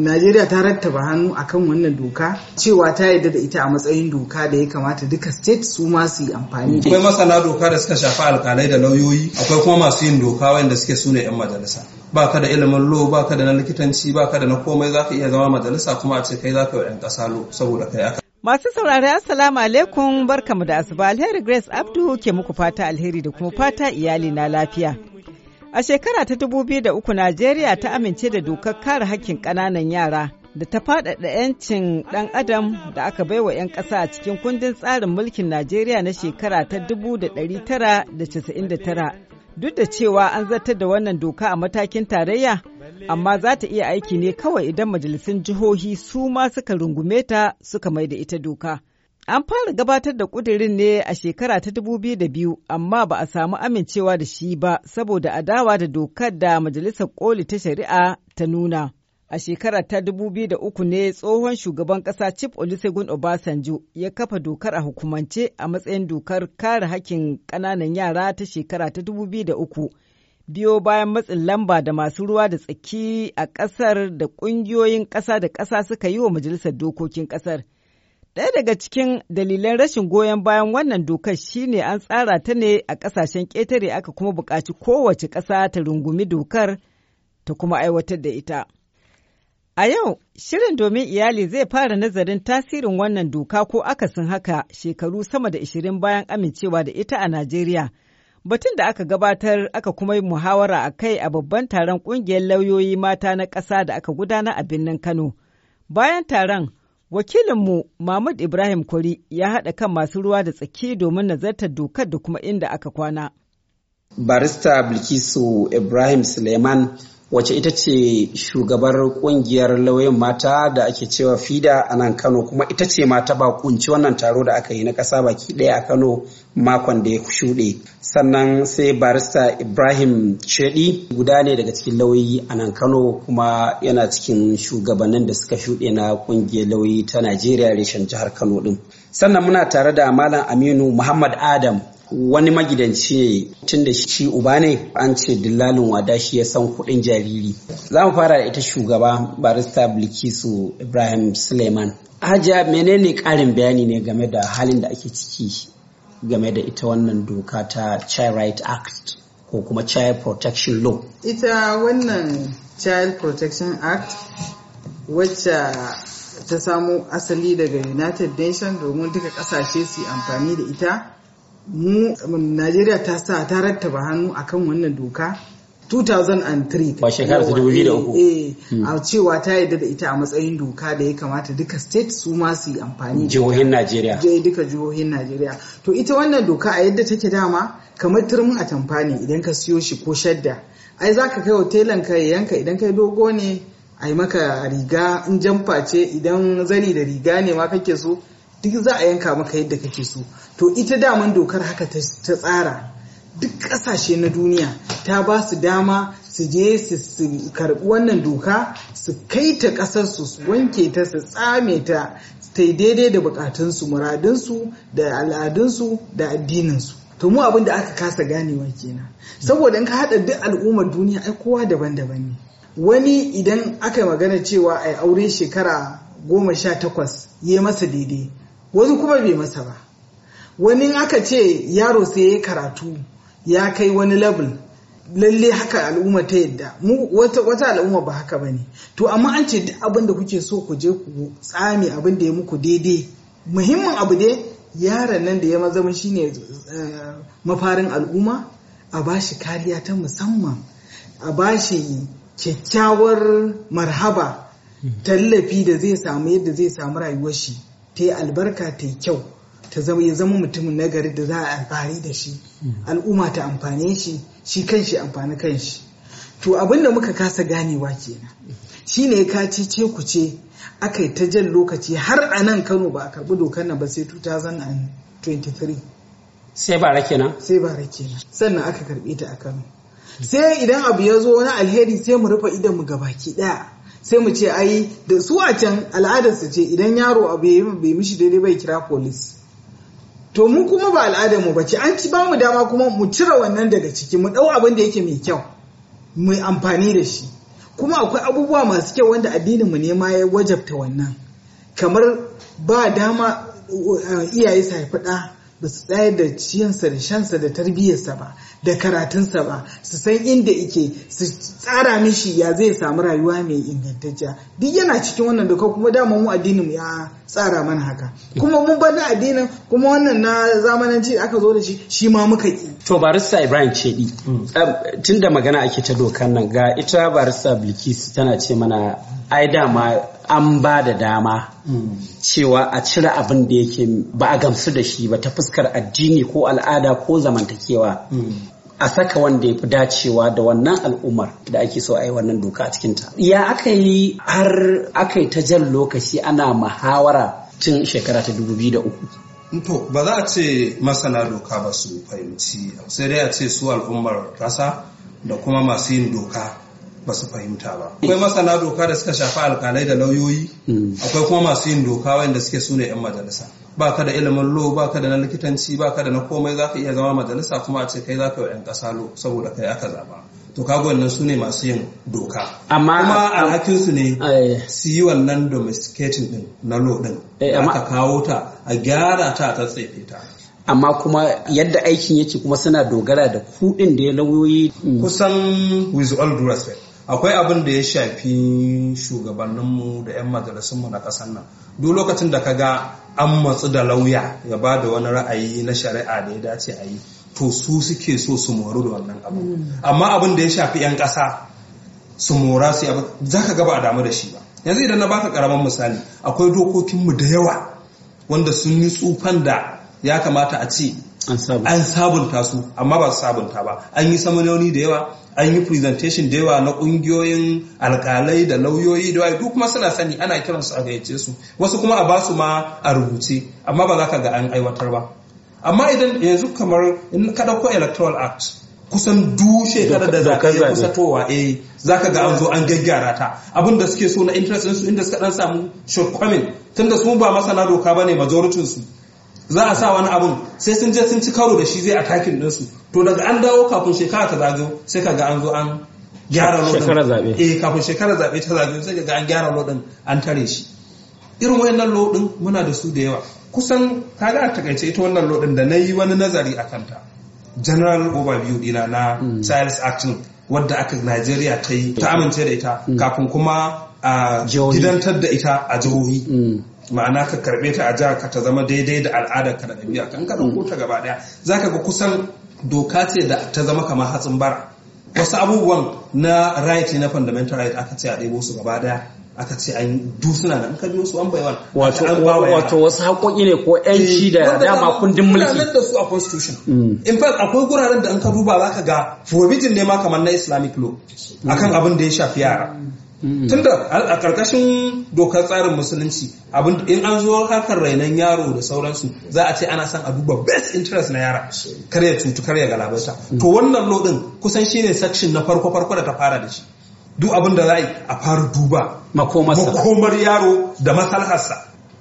Najeriya ta rattaba hannu akan wannan doka cewa ta yarda da ita a matsayin doka da ya kamata duka state su ma su yi amfani. Akwai masana doka da suka shafi alkalai da lauyoyi, akwai kuma masu yin doka wanda suke su ne 'yan majalisa. Ba ka da ilimin lo, ba ka da na likitanci, ba ka da na komai za ka iya zama majalisa kuma a ce kai za ka yi 'yan ƙasa lo saboda kai aka. Masu saurari Assalamu alaikum barkamu da asuba alheri Grace Abdu ke muku fata alheri da kuma fata iyali na lafiya. A shekara ta da uku, Najeriya ta amince da dokar kare hakkin ƙananan yara da ta faɗaɗa 'yancin ɗan adam da aka baiwa 'yan ƙasa a cikin kundin tsarin mulkin Najeriya na shekara ta tara. Duk da cewa an zartar da wannan doka a matakin tarayya, amma za ta iya aiki ne kawai idan majalisun jihohi su ma suka rungume ta suka mai da ita doka. An fara gabatar da ƙudirin ne a shekara ta 2002 amma ba a samu amincewa da shi ba saboda adawa da dokar da Majalisar Koli ta Shari'a ta nuna. A shekara ta 2003 ne tsohon shugaban ƙasa Chief Olusegun Obasanjo ya kafa dokar a hukumance a matsayin dokar kare hakkin ƙananan yara ta shekara ta 2003. Biyo bayan matsin lamba da masu ruwa da tsaki a ƙasar da ƙungiyoyin ƙasa da ƙasa suka yi wa Majalisar Dokokin ƙasar. Ɗaya daga cikin dalilan rashin goyon bayan wannan dokar shine an tsara ta ne a ƙasashen ƙetare aka kuma buƙaci kowace ƙasa ta rungumi dokar ta kuma aiwatar da ita. A yau, shirin domin iyali zai fara nazarin tasirin wannan doka ko akasin haka shekaru sama da ishirin bayan amincewa da ita a Najeriya. Batun da aka gabatar aka kuma yi muhawara a kai a babban taron ƙungiyar lauyoyi mata na ƙasa da aka gudana a birnin Kano. Bayan taron, Wakilinmu Mahmud Ibrahim Kwari ya haɗa kan masu ruwa da tsaki domin nazartar dokar da kuma inda aka kwana. Barista Bilkisu Ibrahim Suleiman wacce ita ce shugabar kungiyar lauyan mata da ake cewa fida a nan kano kuma ita ce mata ba ƙunci wannan taro da aka yi na ƙasa baki ɗaya a kano makon da ya shuɗe sannan sai barista ibrahim shedi guda ne daga cikin lauyi a nan kano kuma yana cikin shugabannin da suka shuɗe na kungiyar lauyi ta najeriya reshen jihar kano ɗin sannan muna tare da malam aminu muhammad adam wani magidanci ne tun da shi uba ne an ce dillalin wada shi ya san kuɗin jariri za mu fara da ita shugaba barista bilkisu ibrahim suleiman hajiya menene ƙarin bayani ne game da halin da ake ciki game da ita wannan doka ta child right act ko kuma child protection law ita wannan child protection act wacce ta samo asali daga united nations domin duka kasashe su amfani da ita mu Najeriya ta sa ta rattaba hannu a kan wannan doka 2003 ba shekara da uku. Eh, hmm. a cewa ta yi da ita a matsayin doka da ya kamata duka state su ma su yi amfani jihohin Najeriya je duka jihohin Najeriya to ita wannan doka a yadda take dama kamar turmin a tamfa ne idan ka siyo shi ko shadda ai zaka kai wa telan ka yanka idan kai dogo ne yi maka riga in jamfa ce idan zani da riga ne ma kake so duk za a yanka maka yadda kake so to ita daman dokar haka ta tsara duk ƙasashe na duniya ta ba su dama su je su karɓi wannan doka su kai ta ƙasar su wanke ta su tsame ta ta daidai da bukatunsu muradunsu da al'adunsu da addininsu to mu abin da aka kasa ganewa kenan saboda in ka haɗa duk al'ummar duniya ai kowa daban-daban ne wani idan aka magana cewa ai aure shekara goma sha takwas ya masa daidai wani kuma bai masa ba wani aka ce yaro sai ya karatu ya kai wani level lalle haka al'umma ta yadda mu wata al'umma ba haka bane to amma an ce duk abin da kuke so ku je ku tsame abin da ya muku daidai muhimmin abu dai yaron nan da ya zama shine eh, mafarin al'umma a bashi kariya ta musamman a bashi kyakkyawar marhaba hmm. tallafi da zai samu yadda zai samu rayuwar shi ta yi albarka ta yi kyau ta zama ya zama mutumin nagari da za a amfani da shi al'umma ta amfane shi shi kan shi amfani kan shi to abin da muka kasa ganewa kenan ne ka ce ce ku ce aka yi ta jan lokaci har a nan kano ba a karbi dokar nan ba sai 2023 sai bara kenan sai bara kenan sannan aka karbe ta a kano sai idan abu ya zo wani alheri sai mu rufe idan mu gabaki daya sai mu ce ai da su a can al'adarsu ce idan yaro abu ya bai mishi daidai bai kira polis to mu kuma ba al'adar mu bace an ci ba mu dama kuma mu cire wannan daga ciki mu dau abin da yake mai kyau mu amfani da shi kuma akwai abubuwa masu kyau wanda addinin mu ne ma ya wajabta wannan kamar ba dama uh, iyaye su haifi ɗa ba su tsayar da ciyansa da shansa da tarbiyyarsa ba da karatunsa ba su san inda ike su tsara mishi ya zai samu rayuwa mai ingantacciya duk yana cikin wannan doka kuma dama mu addinin ya tsara mana haka kuma mun bar na addinin kuma wannan na zamananci da aka zo da shi shi ma muka ki to barista ibrahim cedi mm. um, tunda magana ake ta dokan nan ga ita barista bilkis tana ce mana ai dama an ba da dama cewa a cire abin da yake ba a gamsu da shi ba ta fuskar addini ko al'ada ko zamantakewa a saka wanda ya fi dacewa da wannan al'ummar da ake so a yi wannan doka a cikinta. Ya aka yi har aka yi ta jan lokaci ana muhawara tun shekara ta uku. To ba za a ce masana doka ba su fahimci sai dai a ce su al'ummar ƙasa da kuma masu yin doka ba su fahimta ba akwai masana doka da suka shafi alkalai da lauyoyi akwai kuma masu yin doka wanda suke sune yan majalisa ba ka da ilimin lo ba ka da na likitanci ba ka da na komai za ka iya zama majalisa kuma a ce kai za ka yi yan ƙasa lo saboda kai aka zaba to kaga wannan su ne masu yin doka amma kuma su ne eh. su yi wannan domesticating din na lo din eh, aka kawo ta a gyara ta a tsatsefe ta amma kuma yadda aikin yake kuma suna dogara da kuɗin da ya lauyoyi kusan with all due respect akwai abin da ya shafi shugabanninmu da 'yan majalisunmu na ƙasar nan duk lokacin da ka ga an matsu da lauya ya ba da wani ra'ayi na shari'a da ya dace a yi to su suke so su moru da wannan abu hmm. amma abin da ya shafi 'yan ƙasa su mora su abu za ka gaba a damu da shi ba yanzu idan na baka karamin misali akwai dokokinmu da yawa wanda sun yi tsufan da ya kamata a ce an sabunta su amma ba su sabunta ba an yi samanoni da yawa an yi presentation da yawa na kungiyoyin alkalai da lauyoyi da yawa kuma suna sani ana kiran su a gayyace su wasu kuma a basu ma a rubuce amma ba za ka ga an aiwatar ba amma idan yanzu kamar in ka electoral act kusan dushe kada da za ka yi towa eh za ka ga an zo an gaggara ta abin da suke so na interest su inda suka dan samu shortcoming tunda su ba masana doka bane majoritin su za a sa wani abun sai sun je sun ci karo da shi zai a takin ɗinsu to daga an dawo kafin shekara ta zagayo sai ka ga an zo an gyara lodin shekara zaɓe eh kafin shekara zaɓe ta zagayo sai ka ga an gyara lodin an tare shi irin wayannan lodin muna da su da yawa kusan kaga a takaice ita wannan lodin da na yi wani nazari a kanta general overview dina na Charles mm. action wadda aka Nigeria ta yi ta mm. amince da ita mm. kafin kuma a gidantar da ita a jihohi ma'ana ka karbe ta a jihar ka ta zama daidai da al'adar ka da ɗabi'a kan ka ɗauko ta gaba ɗaya ka ga kusan doka ce da ta zama kamar hatsin bara wasu abubuwan na right na fundamental right aka ce a ɗebo su gaba ɗaya aka ce an dusuna da ka biyo su an baiwan wato wato wasu haƙoƙi ne ko ƴanci eh, da dama kundin mulki wanda da su a constitution mm. in fact akwai guraren da an ka duba zaka ga forbidden ne ma kamar na islamic law mm. akan abin da ya shafi yara tunda a karkashin dokar tsarin musulunci abin in an zo harkar rainon yaro da sauransu za a ce ana san a duba best interest na yara kar ya cutu kar ya galabarta mm. to wannan lodin kusan shine section na farko farko da ta fara da shi duk abin da za a yi a fara duba makomar yaro da masalharsa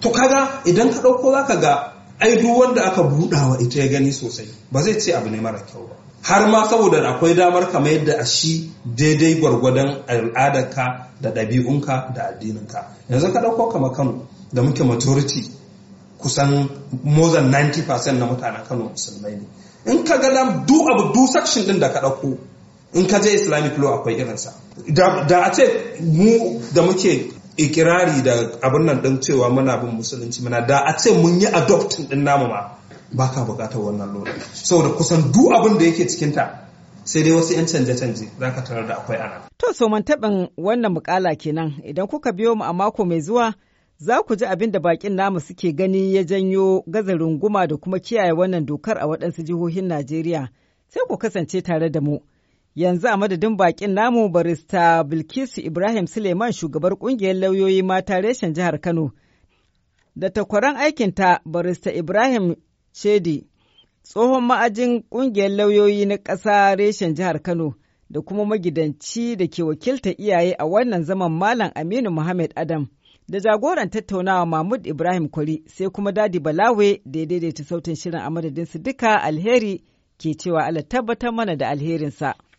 to kaga idan ka ɗauko za ka ga ai duk wanda aka buɗawa ita ya gani sosai ba zai ce abu ne mara kyau ba har ma saboda akwai damar ka mayar da shi daidai gwargwadon al'adarka da ɗabi'unka da addininka yanzu ka ɗauko kama kano da muke maturity kusan more than 90% na mutanen kano musulmai ne in ka ga du abu du section din da ka ɗauko in ka je islamic law akwai irinsa da a ce mu da muke ikirari da abin nan din cewa muna bin musulunci muna da a ce mun yi adoptin din namu ma ba ka bukatar wannan lura saboda kusan du abin da yake cikinta sai dai wasu 'yan canje-canje za ka tarar da akwai ana. To so man taɓin wannan mukala kenan idan kuka biyo mu a mako mai zuwa za ku ji abin da bakin namu suke gani ya janyo gaza runguma da kuma kiyaye wannan dokar a waɗansu jihohin Najeriya sai ku kasance tare da mu. Yanzu a madadin bakin namu barista Bilkisu Ibrahim Suleiman shugabar kungiyar lauyoyi mata reshen jihar Kano. Da takwaran aikinta barista Ibrahim Shedi, tsohon ma'ajin kungiyar lauyoyi na ƙasa reshen jihar Kano da kuma magidanci da ke wakilta iyaye a wannan zaman Malam Aminu Muhammad Adam. Da jagoran tattaunawa Mahmud Ibrahim Kwari sai kuma Dadi Balawe da ya daidaita sautin shirin a su duka alheri ke cewa Allah tabbatar mana da alherinsa.